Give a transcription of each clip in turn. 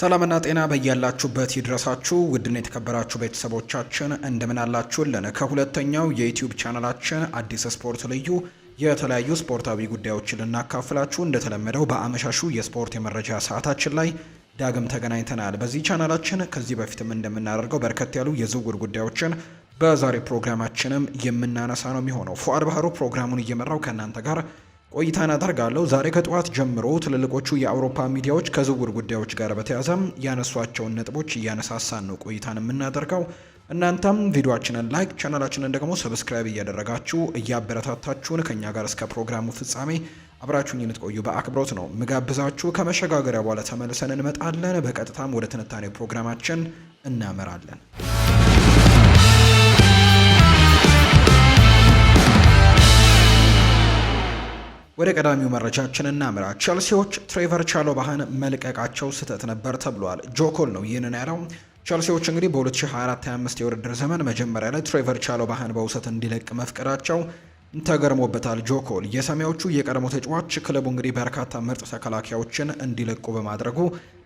ሰላምና ጤና በያላችሁበት ይድረሳችሁ። ውድን የተከበራችሁ ቤተሰቦቻችን እንደምን አላችሁልን? ከሁለተኛው የዩቲዩብ ቻናላችን አዲስ ስፖርት ልዩ የተለያዩ ስፖርታዊ ጉዳዮችን ልናካፍላችሁ እንደተለመደው በአመሻሹ የስፖርት የመረጃ ሰዓታችን ላይ ዳግም ተገናኝተናል። በዚህ ቻናላችን ከዚህ በፊትም እንደምናደርገው በርከት ያሉ የዝውውር ጉዳዮችን በዛሬ ፕሮግራማችንም የምናነሳ ነው የሚሆነው። ፉአድ ባህሩ ፕሮግራሙን እየመራው ከእናንተ ጋር ቆይታን አደርጋለሁ። ዛሬ ከጠዋት ጀምሮ ትልልቆቹ የአውሮፓ ሚዲያዎች ከዝውውር ጉዳዮች ጋር በተያያዘ ያነሷቸውን ነጥቦች እያነሳሳን ነው ቆይታን የምናደርገው። እናንተም ቪዲዮችንን ላይክ ቻናላችንን ደግሞ ሰብስክራይብ እያደረጋችሁ እያበረታታችሁን ከእኛ ጋር እስከ ፕሮግራሙ ፍጻሜ አብራችሁኝ የምትቆዩ በአክብሮት ነው ምጋብዛችሁ። ከመሸጋገሪያ በኋላ ተመልሰን እንመጣለን። በቀጥታም ወደ ትንታኔ ፕሮግራማችን እናመራለን። ወደ ቀዳሚው መረጃችን እናምራ። ቸልሲዎች ትሬቨር ቻሎባህን መልቀቃቸው ስህተት ነበር ተብሏል። ጆኮል ነው ይህንን ያለው። ቸልሲዎች እንግዲህ በ2024/25 የውድድር ዘመን መጀመሪያ ላይ ትሬቨር ቻሎባህን በውሰት እንዲለቅ መፍቀዳቸው ተገርሞበታል። ጆኮል የሰማያዎቹ የቀድሞ ተጫዋች ክለቡ እንግዲህ በርካታ ምርጥ ተከላካዮችን እንዲለቁ በማድረጉ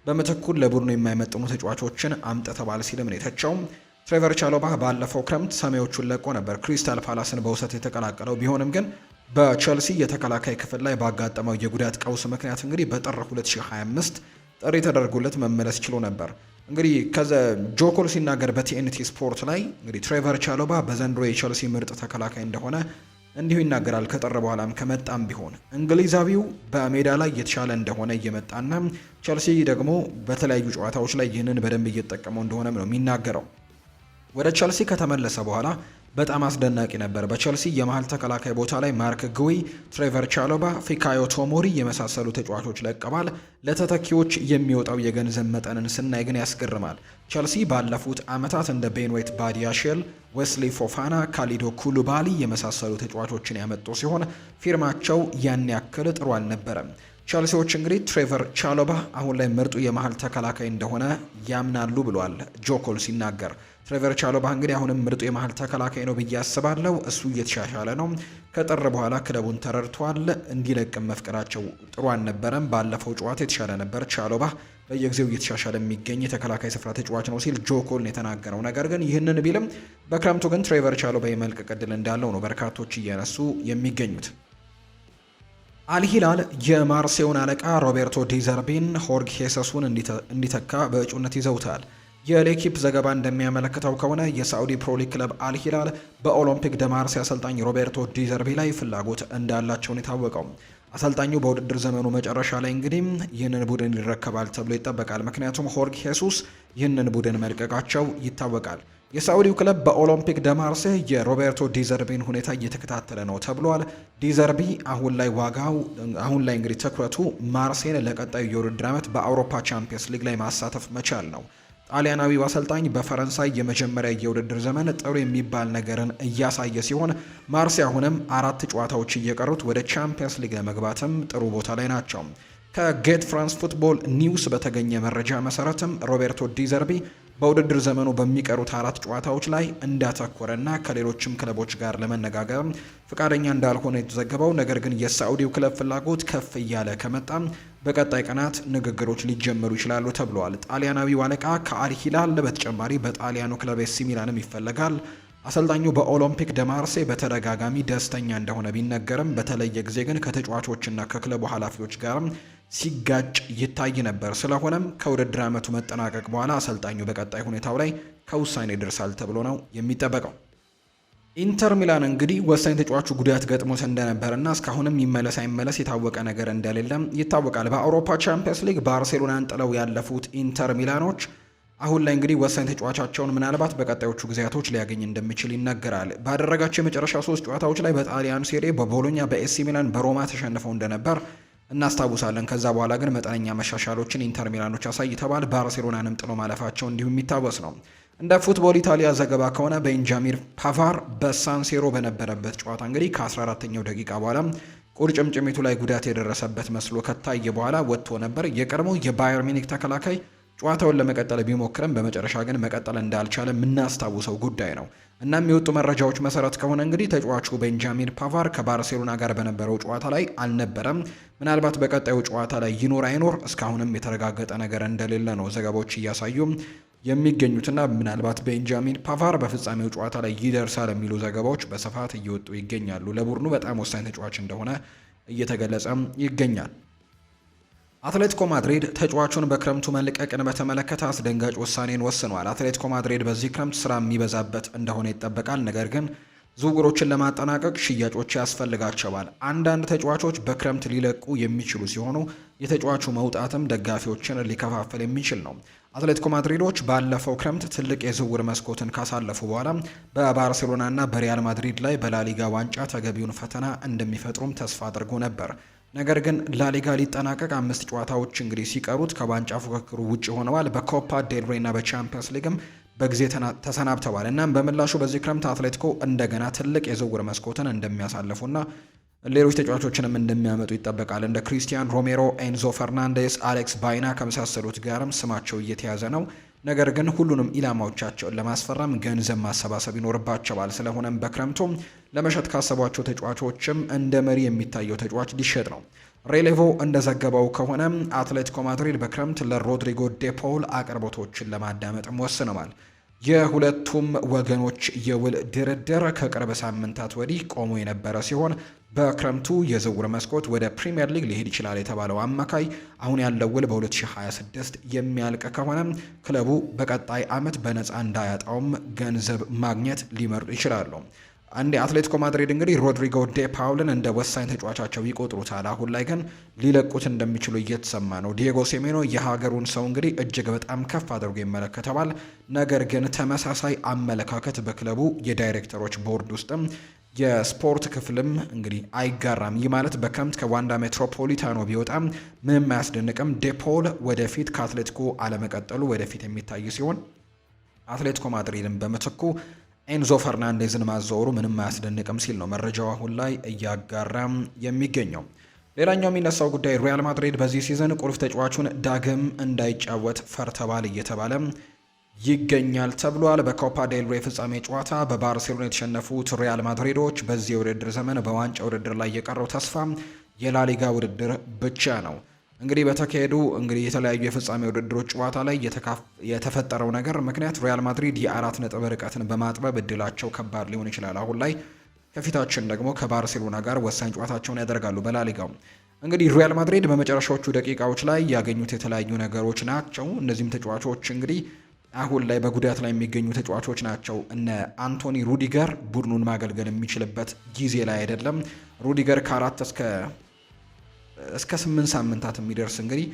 በምትኩል ለቡድኑ የማይመጥኑ ተጫዋቾችን አምጥተዋል ሲልም ነው የተቸው። ትሬቨር ቻሎባህ ባለፈው ክረምት ሰማያዎቹን ለቆ ነበር። ክሪስታል ፓላስን በውሰት የተቀላቀለው ቢሆንም ግን በቸልሲ የተከላካይ ክፍል ላይ ባጋጠመው የጉዳት ቀውስ ምክንያት እንግዲህ በጥር 2025 ጥሪ ተደርጎለት መመለስ ችሎ ነበር። እንግዲህ ከዘ ጆኮል ሲናገር በቲኤንቲ ስፖርት ላይ እንግዲህ ትሬቨር ቻሎባ በዘንድሮ የቸልሲ ምርጥ ተከላካይ እንደሆነ እንዲሁ ይናገራል። ከጥር በኋላም ከመጣም ቢሆን እንግሊዛዊው በሜዳ ላይ የተሻለ እንደሆነ እየመጣና ቸልሲ ደግሞ በተለያዩ ጨዋታዎች ላይ ይህንን በደንብ እየተጠቀመው እንደሆነም ነው የሚናገረው። ወደ ቸልሲ ከተመለሰ በኋላ በጣም አስደናቂ ነበር። በቸልሲ የመሀል ተከላካይ ቦታ ላይ ማርክ ጉዊ፣ ትሬቨር ቻሎባ፣ ፊካዮ ቶሞሪ የመሳሰሉ ተጫዋቾች ለቀዋል። ለተተኪዎች የሚወጣው የገንዘብ መጠንን ስናይ ግን ያስገርማል። ቸልሲ ባለፉት ዓመታት እንደ ቤንዌት ባዲያሼል፣ ዌስሊ ፎፋና፣ ካሊዶ ኩሉባሊ የመሳሰሉ ተጫዋቾችን ያመጡ ሲሆን ፊርማቸው ያን ያክል ጥሩ አልነበረም። ቸልሲዎች እንግዲህ ትሬቨር ቻሎባ አሁን ላይ ምርጡ የመሀል ተከላካይ እንደሆነ ያምናሉ ብሏል ጆኮል ሲናገር ትሬቨር ቻሎባ እንግዲህ አሁንም ምርጡ የመሀል ተከላካይ ነው ብዬ አስባለሁ። እሱ እየተሻሻለ ነው። ከጥር በኋላ ክለቡን ተረድቷል። እንዲለቅም መፍቀዳቸው ጥሩ አልነበረም። ባለፈው ጨዋታ የተሻለ ነበር። ቻሎባ በየጊዜው እየተሻሻለ የሚገኝ የተከላካይ ስፍራ ተጫዋች ነው ሲል ጆ ኮልን የተናገረው። ነገር ግን ይህንን ቢልም በክረምቱ ግን ትሬቨር ቻሎባ የመልቀቅ እድል እንዳለው ነው በርካቶች እያነሱ የሚገኙት። አልሂላል የማርሴውን አለቃ ሮቤርቶ ዲዘርቢን ሆርግ ሄሰሱን እንዲተካ በእጩነት ይዘውታል። የሌኪፕ ዘገባ እንደሚያመለክተው ከሆነ የሳዑዲ ፕሮሊ ክለብ አልሂላል በኦሎምፒክ ደማርሲ አሰልጣኝ ሮቤርቶ ዲዘርቢ ላይ ፍላጎት እንዳላቸውን የታወቀው አሰልጣኙ በውድድር ዘመኑ መጨረሻ ላይ እንግዲህ ይህንን ቡድን ይረከባል ተብሎ ይጠበቃል። ምክንያቱም ሆርግ ሄሱስ ይህንን ቡድን መልቀቃቸው ይታወቃል። የሳዑዲው ክለብ በኦሎምፒክ ደማርሴ የሮቤርቶ ዲዘርቢን ሁኔታ እየተከታተለ ነው ተብሏል። ዲዘርቢ አሁን ላይ ዋጋው አሁን ላይ እንግዲህ ትኩረቱ ማርሴን ለቀጣዩ የውድድር ዓመት በአውሮፓ ቻምፒየንስ ሊግ ላይ ማሳተፍ መቻል ነው። ጣሊያናዊው አሰልጣኝ በፈረንሳይ የመጀመሪያ የውድድር ዘመን ጥሩ የሚባል ነገርን እያሳየ ሲሆን ማርሲ አሁንም አራት ጨዋታዎች እየቀሩት ወደ ቻምፒየንስ ሊግ ለመግባትም ጥሩ ቦታ ላይ ናቸው። ከጌት ፍራንስ ፉትቦል ኒውስ በተገኘ መረጃ መሰረትም ሮቤርቶ ዲዘርቢ በውድድር ዘመኑ በሚቀሩት አራት ጨዋታዎች ላይ እንዳተኮረና ከሌሎችም ክለቦች ጋር ለመነጋገር ፈቃደኛ እንዳልሆነ የተዘገበው ነገር ግን የሳዑዲው ክለብ ፍላጎት ከፍ እያለ ከመጣም። በቀጣይ ቀናት ንግግሮች ሊጀመሩ ይችላሉ ተብለዋል። ጣሊያናዊው አለቃ ከአልሂላል በተጨማሪ በጣሊያኑ ክለብ ኤሲ ሚላንም ይፈለጋል። አሰልጣኙ በኦሎምፒክ ደማርሴ በተደጋጋሚ ደስተኛ እንደሆነ ቢነገርም በተለየ ጊዜ ግን ከተጫዋቾችና ከክለቡ ኃላፊዎች ጋርም ሲጋጭ ይታይ ነበር። ስለሆነም ከውድድር ዓመቱ መጠናቀቅ በኋላ አሰልጣኙ በቀጣይ ሁኔታው ላይ ከውሳኔ ይደርሳል ተብሎ ነው የሚጠበቀው። ኢንተር ሚላን እንግዲህ ወሳኝ ተጫዋቹ ጉዳት ገጥሞት እንደነበርና እስካሁንም ይመለስ አይመለስ የታወቀ ነገር እንደሌለም ይታወቃል። በአውሮፓ ቻምፒየንስ ሊግ ባርሴሎናን ጥለው ያለፉት ኢንተር ሚላኖች አሁን ላይ እንግዲህ ወሳኝ ተጫዋቻቸውን ምናልባት በቀጣዮቹ ጊዜያቶች ሊያገኝ እንደሚችል ይነገራል። ባደረጋቸው የመጨረሻ ሶስት ጨዋታዎች ላይ በጣሊያን ሴሬ በቦሎኛ፣ በኤሲ ሚላን፣ በሮማ ተሸንፈው እንደነበር እናስታውሳለን። ከዛ በኋላ ግን መጠነኛ መሻሻሎችን ኢንተር ሚላኖች አሳይተዋል። ባርሴሎናንም ጥሎ ማለፋቸው እንዲሁም የሚታወስ ነው። እንደ ፉትቦል ኢታሊያ ዘገባ ከሆነ በኢንጃሚር ፓቫር በሳንሴሮ በነበረበት ጨዋታ እንግዲህ ከ14ኛው ደቂቃ በኋላ ቁርጭምጭሚቱ ላይ ጉዳት የደረሰበት መስሎ ከታየ በኋላ ወጥቶ ነበር። የቀድሞ የባየር ሚኒክ ተከላካይ ጨዋታውን ለመቀጠል ቢሞክርም በመጨረሻ ግን መቀጠል እንዳልቻለ የምናስታውሰው ጉዳይ ነው። እናም የወጡ መረጃዎች መሰረት ከሆነ እንግዲህ ተጫዋቹ ቤንጃሚን ፓቫር ከባርሴሎና ጋር በነበረው ጨዋታ ላይ አልነበረም። ምናልባት በቀጣዩ ጨዋታ ላይ ይኖር አይኖር እስካሁንም የተረጋገጠ ነገር እንደሌለ ነው ዘገባዎች እያሳዩ የሚገኙትና ምናልባት ቤንጃሚን ፓቫር በፍጻሜው ጨዋታ ላይ ይደርሳል የሚሉ ዘገባዎች በስፋት እየወጡ ይገኛሉ። ለቡድኑ በጣም ወሳኝ ተጫዋች እንደሆነ እየተገለጸም ይገኛል። አትሌቲኮ ማድሪድ ተጫዋቹን በክረምቱ መልቀቅን በተመለከተ አስደንጋጭ ውሳኔን ወስኗል። አትሌቲኮ ማድሪድ በዚህ ክረምት ስራ የሚበዛበት እንደሆነ ይጠበቃል። ነገር ግን ዝውውሮችን ለማጠናቀቅ ሽያጮች ያስፈልጋቸዋል። አንዳንድ ተጫዋቾች በክረምት ሊለቁ የሚችሉ ሲሆኑ የተጫዋቹ መውጣትም ደጋፊዎችን ሊከፋፈል የሚችል ነው። አትሌቲኮ ማድሪዶች ባለፈው ክረምት ትልቅ የዝውውር መስኮትን ካሳለፉ በኋላ በባርሴሎናና በሪያል ማድሪድ ላይ በላሊጋ ዋንጫ ተገቢውን ፈተና እንደሚፈጥሩም ተስፋ አድርጎ ነበር። ነገር ግን ላሊጋ ሊጠናቀቅ አምስት ጨዋታዎች እንግዲህ ሲቀሩት ከዋንጫ ፉክክሩ ውጭ ሆነዋል። በኮፓ ዴልሬና በቻምፒየንስ ሊግም በጊዜ ተሰናብተዋል። እናም በምላሹ በዚህ ክረምት አትሌቲኮ እንደገና ትልቅ የዝውውር መስኮትን እንደሚያሳልፉና ሌሎች ተጫዋቾችንም እንደሚያመጡ ይጠበቃል። እንደ ክሪስቲያን ሮሜሮ፣ ኤንዞ ፈርናንዴስ፣ አሌክስ ባይና ከመሳሰሉት ጋርም ስማቸው እየተያዘ ነው። ነገር ግን ሁሉንም ኢላማዎቻቸውን ለማስፈረም ገንዘብ ማሰባሰብ ይኖርባቸዋል። ስለሆነም በክረምቱ ለመሸጥ ካሰቧቸው ተጫዋቾችም እንደ መሪ የሚታየው ተጫዋች ሊሸጥ ነው። ሬሌቮ እንደዘገበው ከሆነ አትሌቲኮ ማድሪድ በክረምት ለሮድሪጎ ዴፖል አቅርቦቶችን ለማዳመጥም ወስነዋል። የሁለቱም ወገኖች የውል ድርድር ከቅርብ ሳምንታት ወዲህ ቆሞ የነበረ ሲሆን በክረምቱ የዝውውር መስኮት ወደ ፕሪምየር ሊግ ሊሄድ ይችላል የተባለው አማካይ አሁን ያለው ውል በ2026 የሚያልቅ ከሆነም ክለቡ በቀጣይ ዓመት በነፃ እንዳያጣውም ገንዘብ ማግኘት ሊመርጡ ይችላሉ። አንድ የአትሌቲኮ ማድሪድ እንግዲህ ሮድሪጎ ዴ ፓውልን እንደ ወሳኝ ተጫዋቻቸው ይቆጥሩታል። አሁን ላይ ግን ሊለቁት እንደሚችሉ እየተሰማ ነው። ዲየጎ ሴሜኖ የሀገሩን ሰው እንግዲህ እጅግ በጣም ከፍ አድርጎ ይመለከተዋል። ነገር ግን ተመሳሳይ አመለካከት በክለቡ የዳይሬክተሮች ቦርድ ውስጥም የስፖርት ክፍልም እንግዲህ አይጋራም። ይህ ማለት በከምት ከዋንዳ ሜትሮፖሊታኖ ቢወጣም ምንም አያስደንቅም። ዴፖል ወደፊት ከአትሌቲኮ አለመቀጠሉ ወደፊት የሚታይ ሲሆን አትሌቲኮ ማድሪድን በምትኩ ኤንዞ ፈርናንዴዝን ማዘወሩ ምንም አያስደንቅም ሲል ነው መረጃው አሁን ላይ እያጋራም የሚገኘው። ሌላኛው የሚነሳው ጉዳይ ሪያል ማድሪድ በዚህ ሲዝን ቁልፍ ተጫዋቹን ዳግም እንዳይጫወት ፈርተባል እየተባለ ይገኛል ተብሏል። በኮፓ ዴል ሬ ፍጻሜ ጨዋታ በባርሴሎና የተሸነፉት ሪያል ማድሪዶች በዚህ የውድድር ዘመን በዋንጫ ውድድር ላይ የቀረው ተስፋ የላሊጋ ውድድር ብቻ ነው። እንግዲህ በተካሄዱ እንግዲህ የተለያዩ የፍጻሜ ውድድሮች ጨዋታ ላይ የተፈጠረው ነገር ምክንያት ሪያል ማድሪድ የአራት ነጥብ ርቀትን በማጥበብ እድላቸው ከባድ ሊሆን ይችላል። አሁን ላይ ከፊታችን ደግሞ ከባርሴሎና ጋር ወሳኝ ጨዋታቸውን ያደርጋሉ በላሊጋው። እንግዲህ ሪያል ማድሪድ በመጨረሻዎቹ ደቂቃዎች ላይ ያገኙት የተለያዩ ነገሮች ናቸው። እነዚህም ተጫዋቾች እንግዲህ አሁን ላይ በጉዳት ላይ የሚገኙ ተጫዋቾች ናቸው። እነ አንቶኒ ሩዲገር ቡድኑን ማገልገል የሚችልበት ጊዜ ላይ አይደለም። ሩዲገር ከአራት እስከ እስከ ስምንት ሳምንታት የሚደርስ እንግዲህ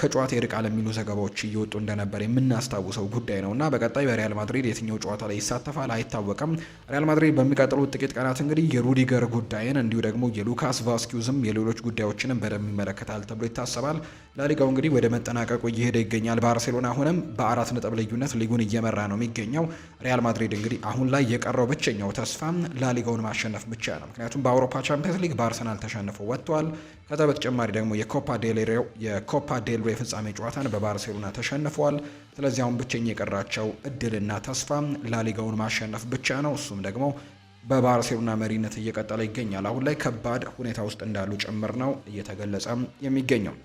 ከጨዋታ ይርቃል የሚሉ ዘገባዎች እየወጡ እንደነበር የምናስታውሰው ጉዳይ ነው እና በቀጣይ በሪያል ማድሪድ የትኛው ጨዋታ ላይ ይሳተፋል አይታወቅም። ሪያል ማድሪድ በሚቀጥሉት ጥቂት ቀናት እንግዲህ የሩዲገር ጉዳይን እንዲሁ ደግሞ የሉካስ ቫስኪዩዝም የሌሎች ጉዳዮችንም በደንብ ይመለከታል ተብሎ ይታሰባል። ላሊጋው እንግዲህ ወደ መጠናቀቁ እየሄደ ይገኛል። ባርሴሎና አሁንም በአራት ነጥብ ልዩነት ሊጉን እየመራ ነው የሚገኘው። ሪያል ማድሪድ እንግዲህ አሁን ላይ የቀረው ብቸኛው ተስፋ ላሊጋውን ማሸነፍ ብቻ ነው። ምክንያቱም በአውሮፓ ቻምፒየንስ ሊግ በአርሰናል ተሸንፎ ወጥቷል። ከዛ በተጨማሪ ደግሞ የኮፓ ዴልሬው የኮፓ ዴልሬ ፍጻሜ ጨዋታን በባርሴሎና ተሸንፈዋል። ስለዚህ አሁን ብቸኛ የቀራቸው እድልና ተስፋ ላሊጋውን ማሸነፍ ብቻ ነው። እሱም ደግሞ በባርሴሎና መሪነት እየቀጠለ ይገኛል። አሁን ላይ ከባድ ሁኔታ ውስጥ እንዳሉ ጭምር ነው እየተገለጸ የሚገኘው።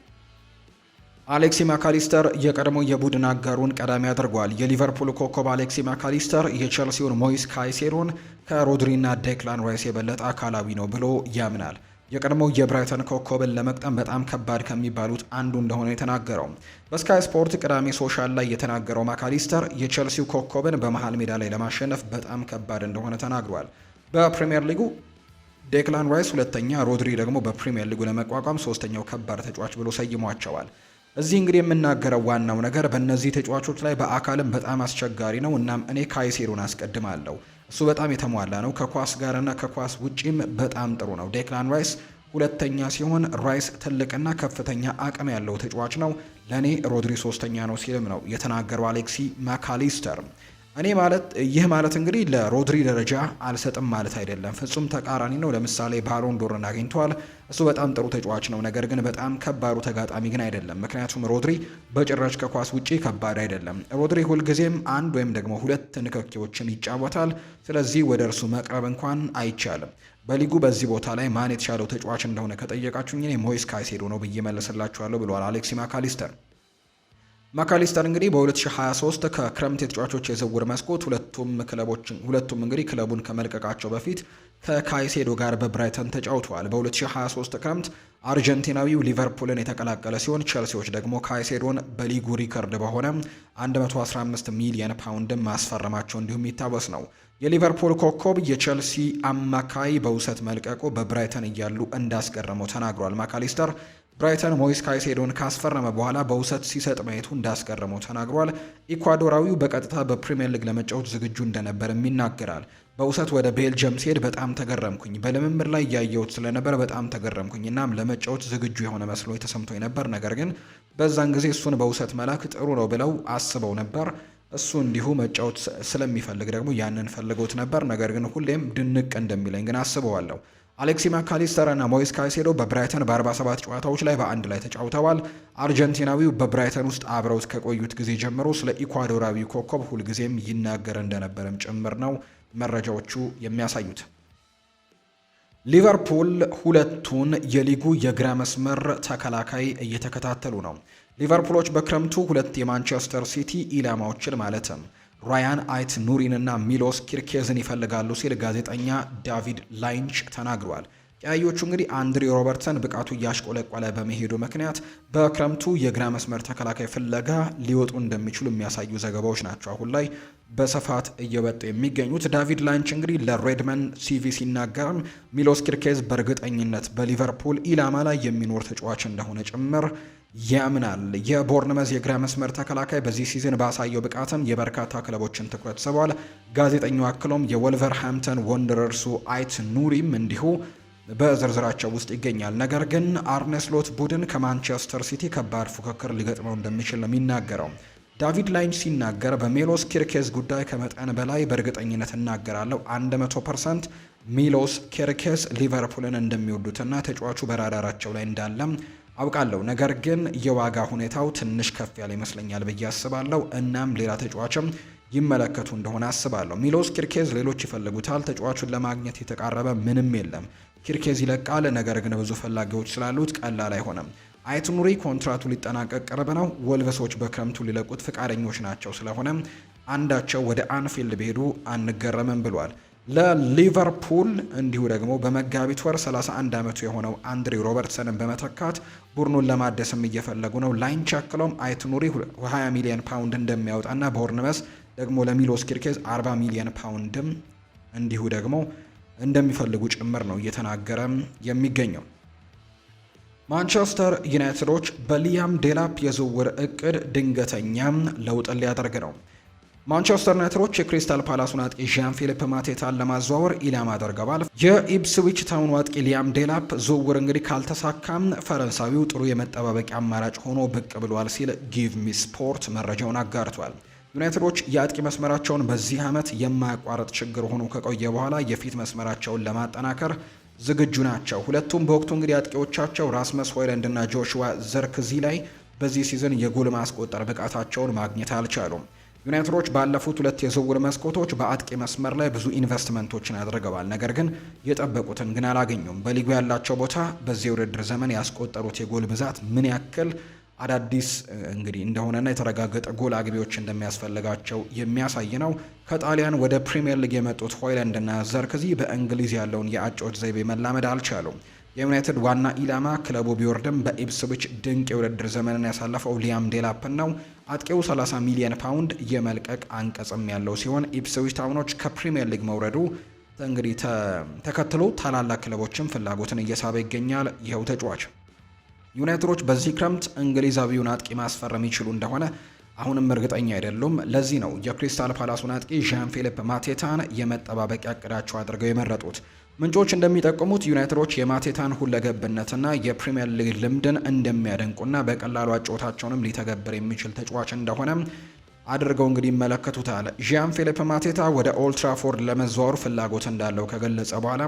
አሌክሲ ማካሊስተር የቀድሞ የቡድን አጋሩን ቀዳሚ አድርጓል። የሊቨርፑል ኮከብ አሌክሲ ማካሊስተር የቼልሲውን ሞይስ ካይሴሮን ከሮድሪና ዴክላን ራይስ የበለጠ አካላዊ ነው ብሎ ያምናል። የቀድሞው የብራይተን ኮከብን ለመቅጠም በጣም ከባድ ከሚባሉት አንዱ እንደሆነ የተናገረው በስካይ ስፖርት ቅዳሜ ሶሻል ላይ የተናገረው ማካሊስተር የቼልሲው ኮከብን በመሃል ሜዳ ላይ ለማሸነፍ በጣም ከባድ እንደሆነ ተናግሯል። በፕሪምየር ሊጉ ዴክላን ራይስ ሁለተኛ፣ ሮድሪ ደግሞ በፕሪምየር ሊጉ ለመቋቋም ሶስተኛው ከባድ ተጫዋች ብሎ ሰይሟቸዋል። እዚህ እንግዲህ የምናገረው ዋናው ነገር በእነዚህ ተጫዋቾች ላይ በአካልም በጣም አስቸጋሪ ነው። እናም እኔ ካይሴሩን አስቀድማለሁ እሱ በጣም የተሟላ ነው። ከኳስ ጋርና ከኳስ ውጪም በጣም ጥሩ ነው። ዴክላን ራይስ ሁለተኛ ሲሆን ራይስ ትልቅና ከፍተኛ አቅም ያለው ተጫዋች ነው። ለእኔ ሮድሪ ሶስተኛ ነው ሲልም ነው የተናገረው አሌክሲ ማካሊስተር። እኔ ማለት ይህ ማለት እንግዲህ ለሮድሪ ደረጃ አልሰጥም ማለት አይደለም፣ ፍጹም ተቃራኒ ነው። ለምሳሌ ባሎን ዶርን አግኝተዋል። እሱ በጣም ጥሩ ተጫዋች ነው፣ ነገር ግን በጣም ከባዱ ተጋጣሚ ግን አይደለም። ምክንያቱም ሮድሪ በጭራሽ ከኳስ ውጪ ከባድ አይደለም። ሮድሪ ሁልጊዜም አንድ ወይም ደግሞ ሁለት ንክኪዎችን ይጫወታል። ስለዚህ ወደ እርሱ መቅረብ እንኳን አይቻልም። በሊጉ በዚህ ቦታ ላይ ማን የተሻለው ተጫዋች እንደሆነ ከጠየቃችሁኝ እኔ ሞይስ ካይሴዶ ነው ብዬ መለስላችኋለሁ ብለዋል አሌክሲ ማካሊስተር። ማካሊስተር እንግዲህ በ2023 ከክረምት የተጫዋቾች የዝውውር መስኮት ሁለቱም ክለቦችን ሁለቱም እንግዲህ ክለቡን ከመልቀቃቸው በፊት ከካይሴዶ ጋር በብራይተን ተጫውተዋል። በ2023 ክረምት አርጀንቲናዊው ሊቨርፑልን የተቀላቀለ ሲሆን ቸልሲዎች ደግሞ ካይሴዶን በሊጉ ሪከርድ በሆነ 115 ሚሊየን ፓውንድን ማስፈረማቸው እንዲሁም ይታወስ ነው። የሊቨርፑል ኮከብ የቼልሲ አማካይ በውሰት መልቀቁ በብራይተን እያሉ እንዳስገረመው ተናግሯል። ማካሊስተር ብራይተን ሞይስ ካይሴዶን ካስፈረመ በኋላ በውሰት ሲሰጥ ማየቱ እንዳስገረመው ተናግሯል። ኢኳዶራዊው በቀጥታ በፕሪምየር ሊግ ለመጫወት ዝግጁ እንደነበርም ይናገራል። በውሰት ወደ ቤልጅየም ሲሄድ በጣም ተገረምኩኝ። በልምምድ ላይ እያየሁት ስለነበር በጣም ተገረምኩኝ። እናም ለመጫወት ዝግጁ የሆነ መስሎ ተሰምቶኝ ነበር። ነገር ግን በዛን ጊዜ እሱን በውሰት መላክ ጥሩ ነው ብለው አስበው ነበር። እሱ እንዲሁ መጫወት ስለሚፈልግ ደግሞ ያንን ፈልጎት ነበር። ነገር ግን ሁሌም ድንቅ እንደሚለኝ ግን አስበዋለሁ። አሌክሲ ማካሊስተር እና ሞይስ ካይሴዶ በብራይተን በ47 ጨዋታዎች ላይ በአንድ ላይ ተጫውተዋል። አርጀንቲናዊው በብራይተን ውስጥ አብረውት ከቆዩት ጊዜ ጀምሮ ስለ ኢኳዶራዊ ኮከብ ሁልጊዜም ይናገር እንደነበረም ጭምር ነው መረጃዎቹ የሚያሳዩት። ሊቨርፑል ሁለቱን የሊጉ የግራ መስመር ተከላካይ እየተከታተሉ ነው። ሊቨርፑሎች በክረምቱ ሁለት የማንቸስተር ሲቲ ኢላማዎችን ማለትም ራያን አይት ኑሪንና ሚሎስ ኪርኬዝን ይፈልጋሉ ሲል ጋዜጠኛ ዳቪድ ላይንች ተናግሯል። ቀያዮቹ እንግዲህ አንድሪ ሮበርትሰን ብቃቱ እያሽቆለቆለ በመሄዱ ምክንያት በክረምቱ የግራ መስመር ተከላካይ ፍለጋ ሊወጡ እንደሚችሉ የሚያሳዩ ዘገባዎች ናቸው አሁን ላይ በስፋት እየወጡ የሚገኙት። ዳቪድ ላንች እንግዲህ ለሬድመን ሲቪ ሲናገርም ሚሎስ ኪርኬዝ በእርግጠኝነት በሊቨርፑል ኢላማ ላይ የሚኖር ተጫዋች እንደሆነ ጭምር ያምናል። የቦርንመዝ የግራ መስመር ተከላካይ በዚህ ሲዝን ባሳየው ብቃትም የበርካታ ክለቦችን ትኩረት ስቧል። ጋዜጠኛው አክሎም የወልቨርሃምተን ወንደረርሱ አይት ኑሪም እንዲሁ በዝርዝራቸው ውስጥ ይገኛል። ነገር ግን አርነስሎት ቡድን ከማንቸስተር ሲቲ ከባድ ፉክክር ሊገጥመው እንደሚችል ነው የሚናገረው። ዳቪድ ላይን ሲናገር በሜሎስ ኪርኬዝ ጉዳይ ከመጠን በላይ በእርግጠኝነት እናገራለሁ። 100 ፐርሰንት ሚሎስ ሊቨርፑልን እንደሚወዱትና ተጫዋቹ በራዳራቸው ላይ እንዳለም አውቃለሁ፣ ነገር ግን የዋጋ ሁኔታው ትንሽ ከፍ ያለ ይመስለኛል ብዬ አስባለሁ። እናም ሌላ ተጫዋችም ይመለከቱ እንደሆነ አስባለሁ። ሚሎስ ኪርኬዝ ሌሎች ይፈልጉታል። ተጫዋቹን ለማግኘት የተቃረበ ምንም የለም። ኪርኬዝ ይለቃል፣ ነገር ግን ብዙ ፈላጊዎች ስላሉት ቀላል አይሆንም። አየት ኑሪ ኮንትራቱ ሊጠናቀቅ ቅርብ ነው። ወልቨሶች በክረምቱ ሊለቁት ፈቃደኞች ናቸው። ስለሆነ አንዳቸው ወደ አንፊልድ ቢሄዱ አንገረምም ብሏል። ለሊቨርፑል እንዲሁ ደግሞ በመጋቢት ወር 31 ዓመቱ የሆነው አንድሪው ሮበርትሰንን በመተካት ቡድኑን ለማደስም እየፈለጉ ነው። ላይን ቸክሎም አይት ኑሪ 20 ሚሊዮን ፓውንድ እንደሚያወጣና ቦርንመስ ደግሞ ለሚሎስ ኪርኬዝ 40 ሚሊዮን ፓውንድም እንዲሁ ደግሞ እንደሚፈልጉ ጭምር ነው እየተናገረም የሚገኘው። ማንቸስተር ዩናይትዶች በሊያም ዴላፕ የዝውውር እቅድ ድንገተኛ ለውጥ ሊያደርግ ነው። ማንቸስተር ዩናይትዶች የክሪስታል ፓላሱን አጥቂ ዣን ፊሊፕ ማቴታን ለማዘዋወር ኢላማ አድርገዋል። የኢፕስዊች ታውኑ አጥቂ ሊያም ዴላፕ ዝውውር እንግዲህ ካልተሳካም ፈረንሳዊው ጥሩ የመጠባበቂያ አማራጭ ሆኖ ብቅ ብሏል ሲል ጊቭ ሚ ስፖርት መረጃውን አጋርቷል። ዩናይትዶች የአጥቂ መስመራቸውን በዚህ ዓመት የማያቋርጥ ችግር ሆኖ ከቆየ በኋላ የፊት መስመራቸውን ለማጠናከር ዝግጁ ናቸው። ሁለቱም በወቅቱ እንግዲህ አጥቂዎቻቸው ራስመስ ሆይለንድ እና ጆሹዋ ዘርክዚ ላይ በዚህ ሲዝን የጎል ማስቆጠር ብቃታቸውን ማግኘት አልቻሉም። ዩናይትዶች ባለፉት ሁለት የዝውውር መስኮቶች በአጥቂ መስመር ላይ ብዙ ኢንቨስትመንቶችን አድርገዋል። ነገር ግን የጠበቁትን ግን አላገኙም። በሊጉ ያላቸው ቦታ በዚህ የውድድር ዘመን ያስቆጠሩት የጎል ብዛት ምን ያክል አዳዲስ እንግዲህ እንደሆነና የተረጋገጠ ጎል አግቢዎች እንደሚያስፈልጋቸው የሚያሳይ ነው። ከጣሊያን ወደ ፕሪምየር ሊግ የመጡት ሆይላንድና ዘርክዚ በእንግሊዝ ያለውን የአጮች ዘይቤ መላመድ አልቻሉም። የዩናይትድ ዋና ኢላማ ክለቡ ቢወርድም በኢፕስዊች ድንቅ የውድድር ዘመንን ያሳለፈው ሊያም ዴላፕን ነው። አጥቂው 30 ሚሊዮን ፓውንድ የመልቀቅ አንቀጽም ያለው ሲሆን ኢፕስዊች ታውኖች ከፕሪሚየር ሊግ መውረዱ እንግዲህ ተከትሎ ታላላቅ ክለቦችም ፍላጎትን እየሳበ ይገኛል። ይኸው ተጫዋች ዩናይትዶች በዚህ ክረምት እንግሊዛዊውን አጥቂ ማስፈረም ይችሉ እንደሆነ አሁንም እርግጠኛ አይደሉም። ለዚህ ነው የክሪስታል ፓላሱን አጥቂ ዣን ፊሊፕ ማቴታን የመጠባበቂያ እቅዳቸው አድርገው የመረጡት። ምንጮች እንደሚጠቁሙት ዩናይትዶች የማቴታን ሁለገብነትና የፕሪምየር ሊግ ልምድን እንደሚያደንቁና በቀላሉ አጨዋወታቸውንም ሊተገብር የሚችል ተጫዋች እንደሆነ አድርገው እንግዲህ ይመለከቱታል። ዣን ፊሊፕ ማቴታ ወደ ኦልትራፎርድ ለመዘዋወር ፍላጎት እንዳለው ከገለጸ በኋላ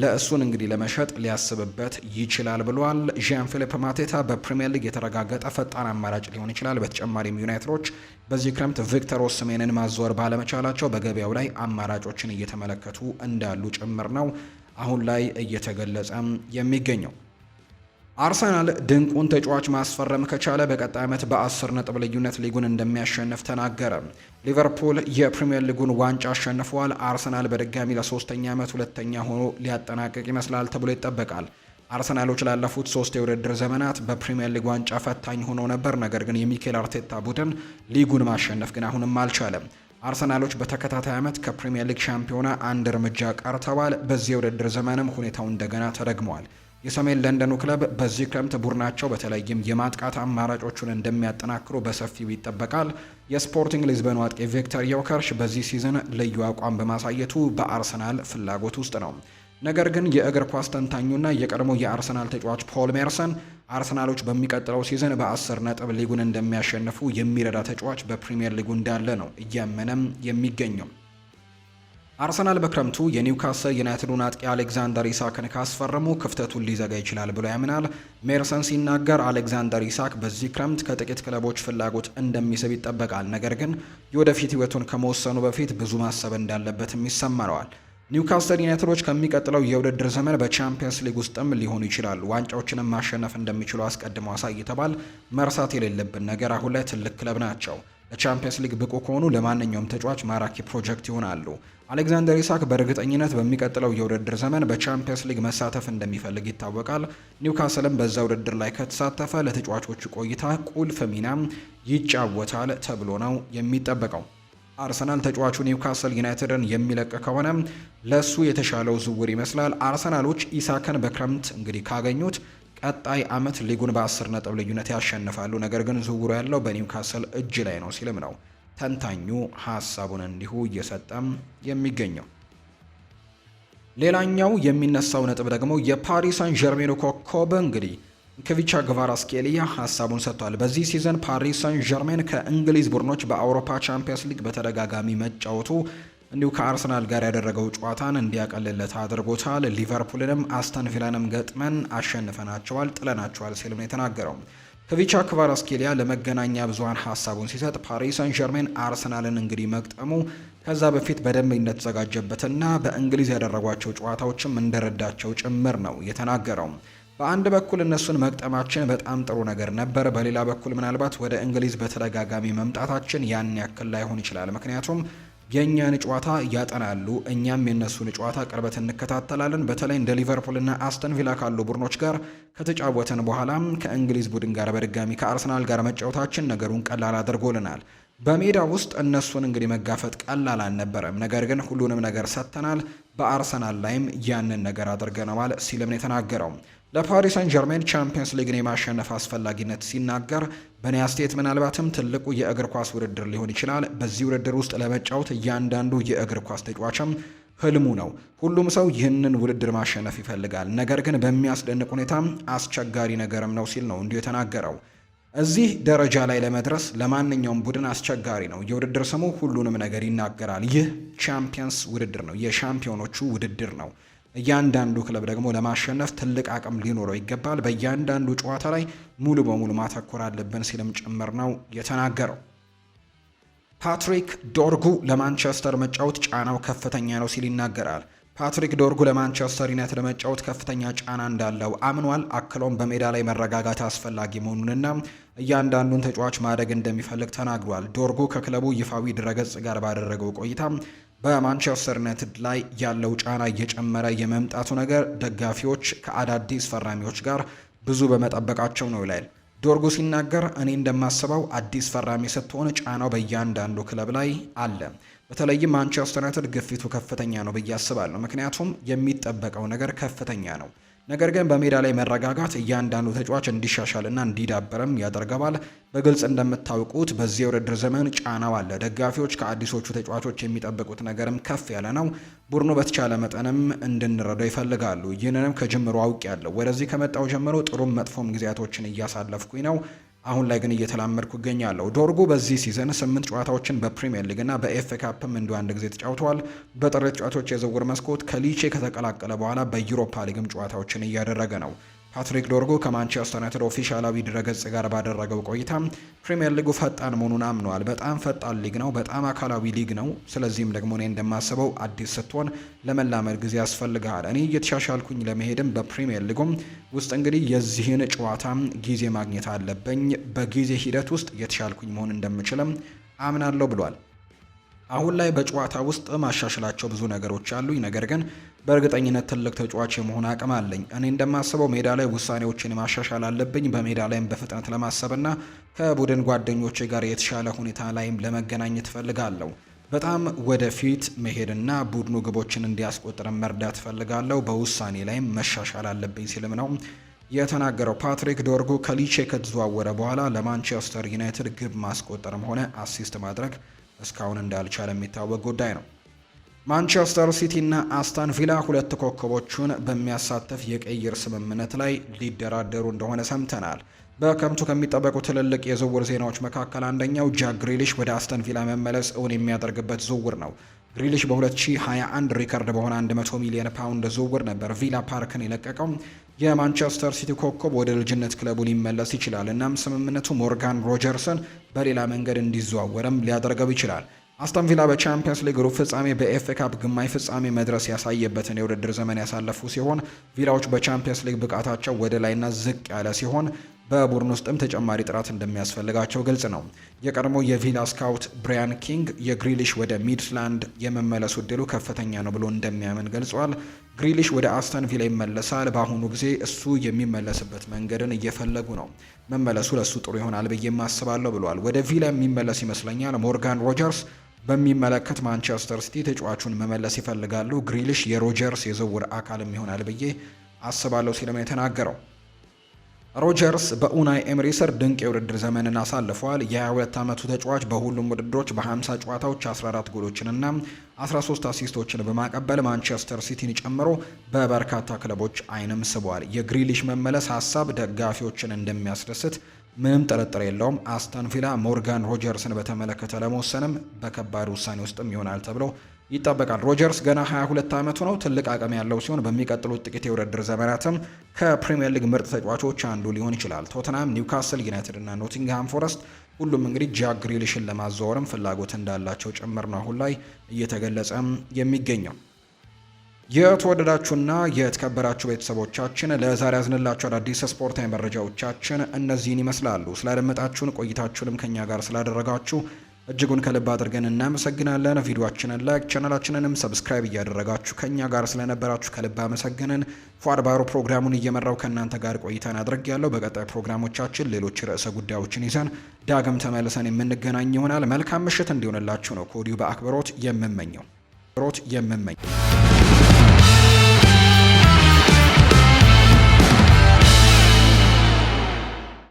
ለእሱን እንግዲህ ለመሸጥ ሊያስብበት ይችላል ብሏል። ዣን ፊሊፕ ማቴታ በፕሪምየር ሊግ የተረጋገጠ ፈጣን አማራጭ ሊሆን ይችላል። በተጨማሪም ዩናይትዶች በዚህ ክረምት ቪክተር ኦስሜንን ማዘወር ባለመቻላቸው በገበያው ላይ አማራጮችን እየተመለከቱ እንዳሉ ጭምር ነው አሁን ላይ እየተገለጸም የሚገኘው። አርሰናል ድንቁን ተጫዋች ማስፈረም ከቻለ በቀጣይ ዓመት በአስር ነጥብ ልዩነት ሊጉን እንደሚያሸንፍ ተናገረ። ሊቨርፑል የፕሪምየር ሊጉን ዋንጫ አሸንፈዋል። አርሰናል በድጋሚ ለሶስተኛ ዓመት ሁለተኛ ሆኖ ሊያጠናቅቅ ይመስላል ተብሎ ይጠበቃል። አርሰናሎች ላለፉት ሶስት የውድድር ዘመናት በፕሪምየር ሊግ ዋንጫ ፈታኝ ሆኖ ነበር። ነገር ግን የሚኬል አርቴታ ቡድን ሊጉን ማሸነፍ ግን አሁንም አልቻለም። አርሰናሎች በተከታታይ ዓመት ከፕሪምየር ሊግ ሻምፒዮና አንድ እርምጃ ቀርተዋል። በዚህ የውድድር ዘመንም ሁኔታው እንደገና ተደግመዋል። የሰሜን ለንደኑ ክለብ በዚህ ክረምት ቡድናቸው በተለይም የማጥቃት አማራጮቹን እንደሚያጠናክሩ በሰፊው ይጠበቃል። የስፖርቲንግ ሊዝበን አጥቂ ቪክተር ዮከርሽ በዚህ ሲዝን ልዩ አቋም በማሳየቱ በአርሰናል ፍላጎት ውስጥ ነው። ነገር ግን የእግር ኳስ ተንታኙና የቀድሞ የአርሰናል ተጫዋች ፖል ሜርሰን አርሰናሎች በሚቀጥለው ሲዝን በአስር ነጥብ ሊጉን እንደሚያሸንፉ የሚረዳ ተጫዋች በፕሪምየር ሊጉ እንዳለ ነው እያመነም የሚገኘው። አርሰናል በክረምቱ የኒውካስል ዩናይትዱን አጥቂ አሌክዛንደር ኢሳክን ካስፈረሙ ክፍተቱን ሊዘጋ ይችላል ብሎ ያምናል። ሜርሰን ሲናገር አሌክዛንደር ኢሳክ በዚህ ክረምት ከጥቂት ክለቦች ፍላጎት እንደሚስብ ይጠበቃል። ነገር ግን የወደፊት ሕይወቱን ከመወሰኑ በፊት ብዙ ማሰብ እንዳለበትም ይሰመረዋል። ኒውካስል ዩናይትዶች ከሚቀጥለው የውድድር ዘመን በቻምፒየንስ ሊግ ውስጥም ሊሆኑ ይችላሉ። ዋንጫዎችንም ማሸነፍ እንደሚችሉ አስቀድመው አሳይተዋል። መርሳት የሌለብን ነገር አሁን ላይ ትልቅ ክለብ ናቸው። ለቻምፒየንስ ሊግ ብቁ ከሆኑ ለማንኛውም ተጫዋች ማራኪ ፕሮጀክት ይሆናሉ። አሌክዛንደር ኢሳክ በእርግጠኝነት በሚቀጥለው የውድድር ዘመን በቻምፒየንስ ሊግ መሳተፍ እንደሚፈልግ ይታወቃል። ኒውካስልም በዛ ውድድር ላይ ከተሳተፈ ለተጫዋቾቹ ቆይታ ቁልፍ ሚናም ይጫወታል ተብሎ ነው የሚጠበቀው። አርሰናል ተጫዋቹ ኒውካስል ዩናይትድን የሚለቅ ከሆነ ለሱ የተሻለው ዝውውር ይመስላል። አርሰናሎች ኢሳክን በክረምት እንግዲህ ካገኙት ቀጣይ አመት ሊጉን በ10 ነጥብ ልዩነት ያሸንፋሉ፣ ነገር ግን ዝውውሩ ያለው በኒውካስል እጅ ላይ ነው ሲልም ነው ተንታኙ ሀሳቡን እንዲሁ እየሰጠም የሚገኘው። ሌላኛው የሚነሳው ነጥብ ደግሞ የፓሪስ ሳን ዠርሜኑ ኮከብ እንግዲህ ክቪቻ ግቫራስኬሊያ ሀሳቡን ሰጥቷል። በዚህ ሲዘን ፓሪስ ሳን ዠርሜን ከእንግሊዝ ቡድኖች በአውሮፓ ቻምፒየንስ ሊግ በተደጋጋሚ መጫወቱ እንዲሁ ከአርሰናል ጋር ያደረገው ጨዋታን እንዲያቀልለት አድርጎታል። ሊቨርፑልንም አስተን ቪላንም ገጥመን አሸንፈናቸዋል፣ ጥለናቸዋል ሲልም ነው የተናገረው። ከቪቻ ክቫራስኬሊያ ለመገናኛ ብዙሀን ሀሳቡን ሲሰጥ ፓሪስ ሰን ዠርሜን አርሰናልን እንግዲህ መግጠሙ ከዛ በፊት በደንብ እንደተዘጋጀበትና በእንግሊዝ ያደረጓቸው ጨዋታዎችም እንደረዳቸው ጭምር ነው የተናገረው። በአንድ በኩል እነሱን መግጠማችን በጣም ጥሩ ነገር ነበር። በሌላ በኩል ምናልባት ወደ እንግሊዝ በተደጋጋሚ መምጣታችን ያን ያክል ላይሆን ይችላል ምክንያቱም የእኛን ጨዋታ ያጠናሉ፣ እኛም የእነሱን ጨዋታ ቅርበት እንከታተላለን። በተለይ እንደ ሊቨርፑልና አስተን ቪላ ካሉ ቡድኖች ጋር ከተጫወተን በኋላ ከእንግሊዝ ቡድን ጋር በድጋሚ ከአርሰናል ጋር መጫወታችን ነገሩን ቀላል አድርጎልናል። በሜዳ ውስጥ እነሱን እንግዲህ መጋፈጥ ቀላል አልነበረም። ነገር ግን ሁሉንም ነገር ሰጥተናል። በአርሰናል ላይም ያንን ነገር አድርገነዋል ሲልም ነው የተናገረው። ለፓሪስ ሳን ጀርሜን ቻምፒየንስ ሊግን የማሸነፍ አስፈላጊነት ሲናገር በኔ አስተያየት ምናልባትም ትልቁ የእግር ኳስ ውድድር ሊሆን ይችላል። በዚህ ውድድር ውስጥ ለመጫወት እያንዳንዱ የእግር ኳስ ተጫዋችም ህልሙ ነው። ሁሉም ሰው ይህንን ውድድር ማሸነፍ ይፈልጋል። ነገር ግን በሚያስደንቅ ሁኔታ አስቸጋሪ ነገርም ነው ሲል ነው እንዲሁ የተናገረው። እዚህ ደረጃ ላይ ለመድረስ ለማንኛውም ቡድን አስቸጋሪ ነው። የውድድር ስሙ ሁሉንም ነገር ይናገራል። ይህ ቻምፒየንስ ውድድር ነው፣ የሻምፒዮኖቹ ውድድር ነው። እያንዳንዱ ክለብ ደግሞ ለማሸነፍ ትልቅ አቅም ሊኖረው ይገባል። በእያንዳንዱ ጨዋታ ላይ ሙሉ በሙሉ ማተኮር አለብን ሲልም ጭምር ነው የተናገረው። ፓትሪክ ዶርጉ ለማንቸስተር መጫወት ጫናው ከፍተኛ ነው ሲል ይናገራል። ፓትሪክ ዶርጉ ለማንቸስተር ዩናይትድ ለመጫወት ከፍተኛ ጫና እንዳለው አምኗል። አክሎም በሜዳ ላይ መረጋጋት አስፈላጊ መሆኑንና እያንዳንዱን ተጫዋች ማደግ እንደሚፈልግ ተናግሯል። ዶርጉ ከክለቡ ይፋዊ ድረገጽ ጋር ባደረገው ቆይታ በማንቸስተር ዩናይትድ ላይ ያለው ጫና እየጨመረ የመምጣቱ ነገር ደጋፊዎች ከአዳዲስ ፈራሚዎች ጋር ብዙ በመጠበቃቸው ነው ይላል ዶርጉ ሲናገር። እኔ እንደማስበው አዲስ ፈራሚ ስትሆን ጫናው በእያንዳንዱ ክለብ ላይ አለ። በተለይም ማንቸስተር ዩናይትድ ግፊቱ ከፍተኛ ነው ብዬ አስባለሁ፣ ምክንያቱም የሚጠበቀው ነገር ከፍተኛ ነው። ነገር ግን በሜዳ ላይ መረጋጋት እያንዳንዱ ተጫዋች እንዲሻሻልና እንዲዳበርም ያደርገዋል። በግልጽ እንደምታውቁት በዚህ የውድድር ዘመን ጫናው አለ። ደጋፊዎች ከአዲሶቹ ተጫዋቾች የሚጠብቁት ነገርም ከፍ ያለ ነው። ቡድኑ በተቻለ መጠንም እንድንረዳው ይፈልጋሉ። ይህንንም ከጅምሮ አውቅ ያለው ወደዚህ ከመጣው ጀምሮ ጥሩም መጥፎም ጊዜያቶችን እያሳለፍኩኝ ነው። አሁን ላይ ግን እየተላመድኩ እገኛለሁ። ዶርጉ በዚህ ሲዘን ስምንት ጨዋታዎችን በፕሪምየር ሊግና በኤፍ ካፕም እንዲ አንድ ጊዜ ተጫውተዋል። በጥር ጨዋታዎች የዝውውር መስኮት ከሊቼ ከተቀላቀለ በኋላ በዩሮፓ ሊግም ጨዋታዎችን እያደረገ ነው። ፓትሪክ ዶርጎ ከማንቸስተር ዩናይትድ ኦፊሻላዊ ድረገጽ ጋር ባደረገው ቆይታ ፕሪምየር ሊጉ ፈጣን መሆኑን አምነዋል። በጣም ፈጣን ሊግ ነው፣ በጣም አካላዊ ሊግ ነው። ስለዚህም ደግሞ እኔ እንደማስበው አዲስ ስትሆን ለመላመድ ጊዜ ያስፈልግሃል። እኔ እየተሻሻልኩኝ ለመሄድም በፕሪምየር ሊጉም ውስጥ እንግዲህ የዚህን ጨዋታ ጊዜ ማግኘት አለብኝ። በጊዜ ሂደት ውስጥ እየተሻልኩኝ መሆን እንደምችልም አምናለሁ ብሏል። አሁን ላይ በጨዋታ ውስጥ ማሻሽላቸው ብዙ ነገሮች አሉኝ፣ ነገር ግን በእርግጠኝነት ትልቅ ተጫዋች የመሆን አቅም አለኝ። እኔ እንደማስበው ሜዳ ላይ ውሳኔዎችን ማሻሻል አለብኝ። በሜዳ ላይም በፍጥነት ለማሰብና ከቡድን ጓደኞቼ ጋር የተሻለ ሁኔታ ላይም ለመገናኘት እፈልጋለሁ። በጣም ወደፊት መሄድና ቡድኑ ግቦችን እንዲያስቆጥር መርዳት እፈልጋለሁ። በውሳኔ ላይም መሻሻል አለብኝ ሲልም ነው የተናገረው። ፓትሪክ ዶርጉ ከሊቼ ከተዘዋወረ በኋላ ለማንቸስተር ዩናይትድ ግብ ማስቆጠርም ሆነ አሲስት ማድረግ እስካሁን እንዳልቻለ የሚታወቅ ጉዳይ ነው። ማንቸስተር ሲቲ እና አስታን ቪላ ሁለት ኮከቦቹን በሚያሳተፍ የቅይር ስምምነት ላይ ሊደራደሩ እንደሆነ ሰምተናል። በክረምቱ ከሚጠበቁ ትልልቅ የዝውውር ዜናዎች መካከል አንደኛው ጃክ ግሪሊሽ ወደ አስተን ቪላ መመለስ እውን የሚያደርግበት ዝውውር ነው። ግሪሊሽ በ2021 ሪከርድ በሆነ 100 ሚሊዮን ፓውንድ ዝውውር ነበር ቪላ ፓርክን የለቀቀው። የማንቸስተር ሲቲ ኮከብ ወደ ልጅነት ክለቡ ሊመለስ ይችላል። እናም ስምምነቱ ሞርጋን ሮጀርስን በሌላ መንገድ እንዲዘዋወርም ሊያደርገው ይችላል። አስተን ቪላ በቻምፒየንስ ሊግ ሩብ ፍጻሜ፣ በኤፍኤ ካፕ ግማሽ ፍጻሜ መድረስ ያሳየበትን የውድድር ዘመን ያሳለፉ ሲሆን ቪላዎች በቻምፒየንስ ሊግ ብቃታቸው ወደ ላይና ዝቅ ያለ ሲሆን በቡድን ውስጥም ተጨማሪ ጥራት እንደሚያስፈልጋቸው ግልጽ ነው። የቀድሞ የቪላ ስካውት ብሪያን ኪንግ የግሪሊሽ ወደ ሚድላንድ የመመለሱ እድሉ ከፍተኛ ነው ብሎ እንደሚያምን ገልጿል። ግሪሊሽ ወደ አስተን ቪላ ይመለሳል። በአሁኑ ጊዜ እሱ የሚመለስበት መንገድን እየፈለጉ ነው። መመለሱ ለእሱ ጥሩ ይሆናል ብዬ ማስባለሁ ብሏል። ወደ ቪላ የሚመለስ ይመስለኛል። ሞርጋን ሮጀርስ በሚመለከት ማንቸስተር ሲቲ ተጫዋቹን መመለስ ይፈልጋሉ። ግሪሊሽ የሮጀርስ የዝውውር አካልም ይሆናል ብዬ አስባለሁ ሲልም የተናገረው ሮጀርስ በኡናይ ኤምሪ ስር ድንቅ የውድድር ዘመንን አሳልፏል። የ22 ዓመቱ ተጫዋች በሁሉም ውድድሮች በ50 ጨዋታዎች 14 ጎሎችንና 13 አሲስቶችን በማቀበል ማንቸስተር ሲቲን ጨምሮ በበርካታ ክለቦች አይንም ስቧል። የግሪሊሽ መመለስ ሀሳብ ደጋፊዎችን እንደሚያስደስት ምንም ጥርጥር የለውም። አስተን ቪላ ሞርጋን ሮጀርስን በተመለከተ ለመወሰንም በከባድ ውሳኔ ውስጥም ይሆናል ተብሎ ይጠበቃል። ሮጀርስ ገና 22 ዓመቱ ነው። ትልቅ አቅም ያለው ሲሆን በሚቀጥሉት ጥቂት የውድድር ዘመናትም ከፕሪምየር ሊግ ምርጥ ተጫዋቾች አንዱ ሊሆን ይችላል። ቶትናም፣ ኒውካስል ዩናይትድ እና ኖቲንግሃም ፎረስት ሁሉም እንግዲህ ጃክ ግሪሊሽን ለማዘወርም ፍላጎት እንዳላቸው ጭምር ነው አሁን ላይ እየተገለጸም የሚገኘው። የተወደዳችሁና የተከበራችሁ ቤተሰቦቻችን ለዛሬ ያዝንላችሁ አዳዲስ ስፖርታዊ መረጃዎቻችን እነዚህን ይመስላሉ። ስላደመጣችሁን ቆይታችሁንም ከኛ ጋር ስላደረጋችሁ እጅጉን ከልብ አድርገን እናመሰግናለን። ቪዲዮችንን ላይክ ቻናላችንንም ሰብስክራይብ እያደረጋችሁ ከእኛ ጋር ስለነበራችሁ ከልብ አመሰግንን። ፏአድባሮ ፕሮግራሙን እየመራው ከእናንተ ጋር ቆይታን አድረግ ያለው በቀጣይ ፕሮግራሞቻችን ሌሎች ርዕሰ ጉዳዮችን ይዘን ዳግም ተመልሰን የምንገናኝ ይሆናል። መልካም ምሽት እንዲሆንላችሁ ነው ከወዲሁ በአክብሮት የምመኘው የምመኝ